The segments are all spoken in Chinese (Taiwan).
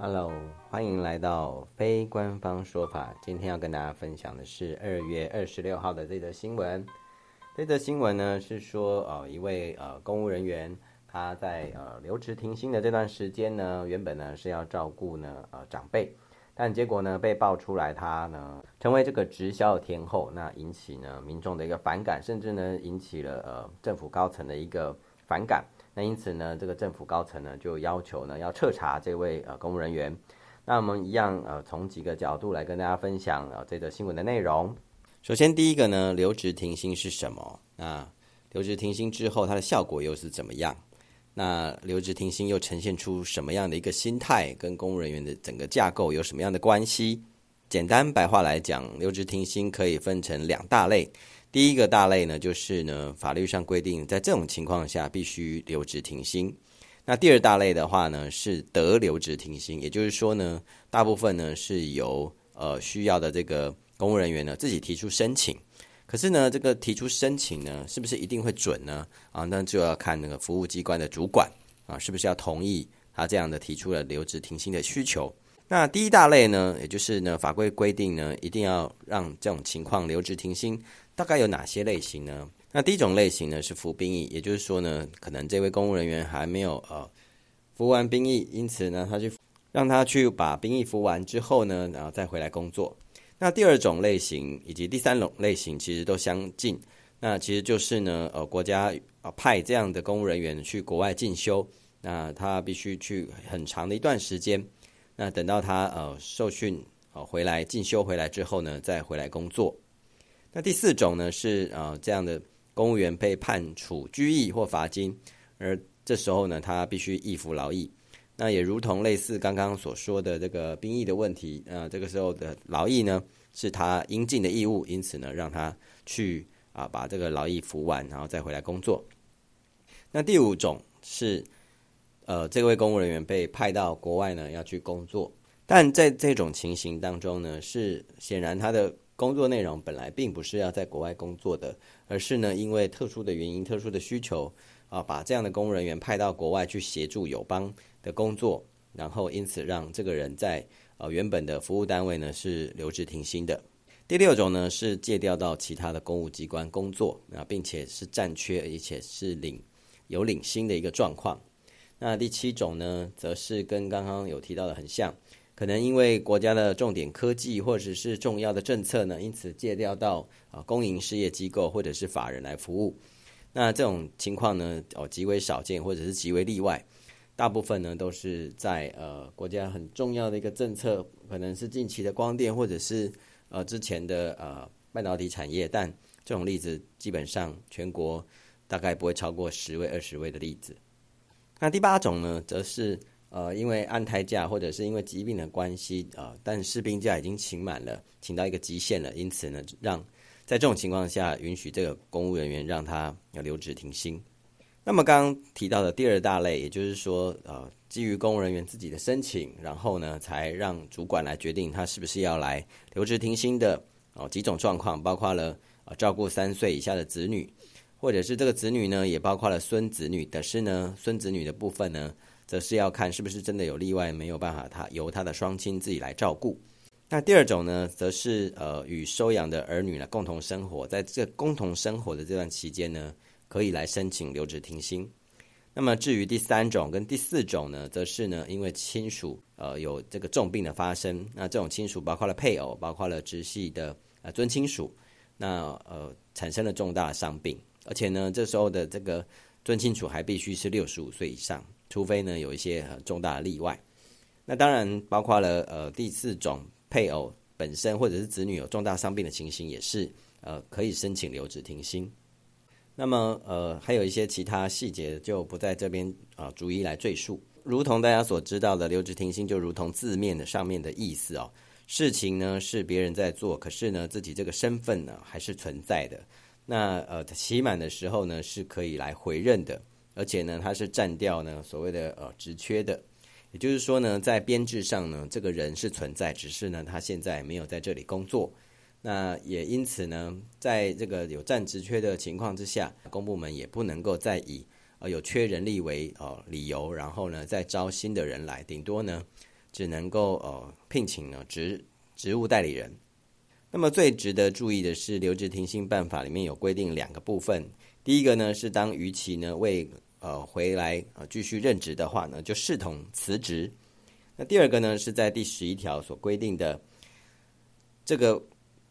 哈嘍，Hello, 歡迎來到非官方說法。今天要跟大家分享的是二月二十六號的這則新聞。這則新聞呢是說，呃，一位呃公務人員他在呃留職停薪的這段時間呢，原本呢是要照顧呢呃長輩，但結果呢被爆出來他呢成為這個直銷的天後，那引起呢民眾的一個反感，甚至呢引起了呃政府高層的一個反感。因此呢，這個政府高層呢就要求呢要徹查這位呃公務人員。那我們一樣呃從幾個角度來跟大家分享呃這個新聞的內容。首先第一個呢，留職停薪是什麼？那留職停薪之後它的效果又是怎麼樣？那留職停薪又呈現出什麼樣的一個心態，跟公務人員的整個架構有什麼樣的關係？簡單白話來講，留職停薪可以分成兩大類。第一個大類呢，就是呢法律上規定，在這種情況下必須留職停薪。那第二大類的話呢，是得留職停薪，也就是說呢，大部分呢是由呃需要的這個公務人員呢自己提出申請。可是呢，這個提出申請呢，是不是一定會准呢？啊，那就要看那個服務機關的主管啊，是不是要同意他這樣的提出了留職停薪的需求。那第一大類呢，也就是呢法規規定呢，一定要讓這種情況留職停薪。大概有哪些類型呢？那第一種類型呢是服兵役，也就是說呢，可能這位公務人員還沒有呃服完兵役，因此呢，他就讓他去把兵役服完之後呢，然後再回來工作。那第二種類型以及第三種類型其實都相近，那其實就是呢，呃，國家派這樣的公務人員去國外進修，那他必須去很長的一段時間，那等到他呃受訓哦，呃，回來進修回來之後呢，再回來工作。那第四種呢是啊、呃、這樣的公務員被判處拘役或罰金，而這時候呢，他必須易服勞役，那也如同類似剛剛所說的這個兵役的問題，啊、呃、這個時候的勞役呢是他應盡的義務，因此呢，讓他去啊、呃、把這個勞役服完，然後再回來工作。那第五種是，呃這位公務人員被派到國外呢要去工作，但在這種情形當中呢是顯然他的。工作內容本來並不是要在國外工作的，而是呢因為特殊的原因、特殊的需求啊，把這樣的公務人員派到國外去協助友邦的工作，然後因此讓這個人在呃原本的服務單位呢是留職停薪的。第六種呢是借調到其他的公務機關工作啊，並且是佔缺，而且是領有領薪的一個狀況。那第七種呢，則是跟剛剛有提到的很像。可能因為國家的重點科技，或者是重要的政策呢，因此借調到啊呃公營事業機構或者是法人來服務。那這種情況呢，哦極為少見或者是極為例外。大部分呢都是在呃國家很重要的一個政策，可能是近期的光電或者是呃之前的呃半導體產業。但這種例子基本上全國大概不會超過十位二十位的例子。那第八種呢，則是。呃，因為安胎假或者是因為疾病的關係啊、呃，但事病假已經請滿了，請到一個極限了，因此呢，讓在這種情況下，允許這個公務人員讓他要留職停薪。那麼剛剛提到的第二大類，也就是說，呃，基於公務人員自己的申請，然後呢，才讓主管來決定他是不是要來留職停薪的哦、呃。幾種狀況包括了、呃、照顧三歲以下的子女，或者是這個子女呢，也包括了孫子女，但是呢，孫子女的部分呢。則是要看是不是真的有例外，沒有辦法他、他由他的雙親自己來照顧。那第二種呢，則是呃與收養的兒女呢共同生活，在這個共同生活的這段期間呢，可以來申請留職停薪。那麼至於第三種跟第四種呢，則是呢因為親屬呃有這個重病的發生，那這種親屬包括了配偶，包括了直系的呃尊親屬，那呃產生了重大傷病，而且呢這時候的這個。尊親屬，還必須是六十五歲以上，除非呢有一些很、呃、重大的例外。那當然包括了呃第四種，配偶本身或者是子女有、呃、重大傷病的情形，也是呃可以申請留職停薪。那麼呃還有一些其他細節就不在這邊啊、呃、逐一來贅述。如同大家所知道的，留職停薪就如同字面的上面的意思哦，事情呢是別人在做，可是呢自己這個身份呢還是存在的。那呃，期滿的時候呢，是可以來回任的，而且呢，他是占掉呢所謂的呃職缺的，也就是說呢，在編制上呢，這個人是存在，只是呢，他現在沒有在這裡工作。那也因此呢，在這個有占職缺的情況之下，公部門也不能夠再以呃有缺人力為呃理由，然後呢，再招新的人來，頂多呢，只能夠呃聘請呢、呃、職職務代理人。那麼最值得注意的是，留職停薪辦法裡面有規定兩個部分。第一個呢是當逾期呢未呃回來呃繼續任職的話呢，就視同辭職。那第二個呢是在第十一條所規定的這個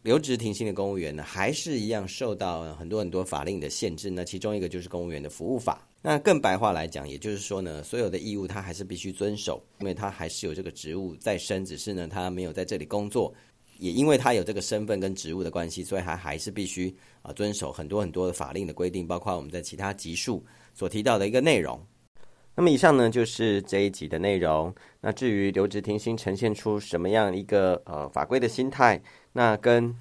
留職停薪的公務員呢，還是一樣受到很多很多法令的限制。那其中一個就是公務員的服務法。那更白話來講，也就是說呢，所有的義務他還是必須遵守，因為他還是有這個職務在身，只是呢他沒有在這裡工作。也因為他有這個身份、跟職務的關係，所以他還是必須啊、呃、遵守很多很多的法令的規定，包括我們在其他集數所提到的一個內容。那麼以上呢就是這一集的內容。那至於留職停薪呈現出什麼樣一個呃法規的心態，那跟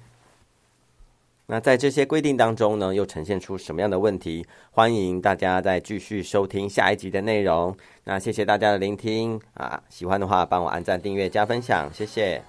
那在這些規定當中呢，又呈現出什麼樣的問題？歡迎大家再繼續收聽下一集的內容。那謝謝大家的聆聽啊，喜歡的話幫我按讚、訂閱、加分享，謝謝。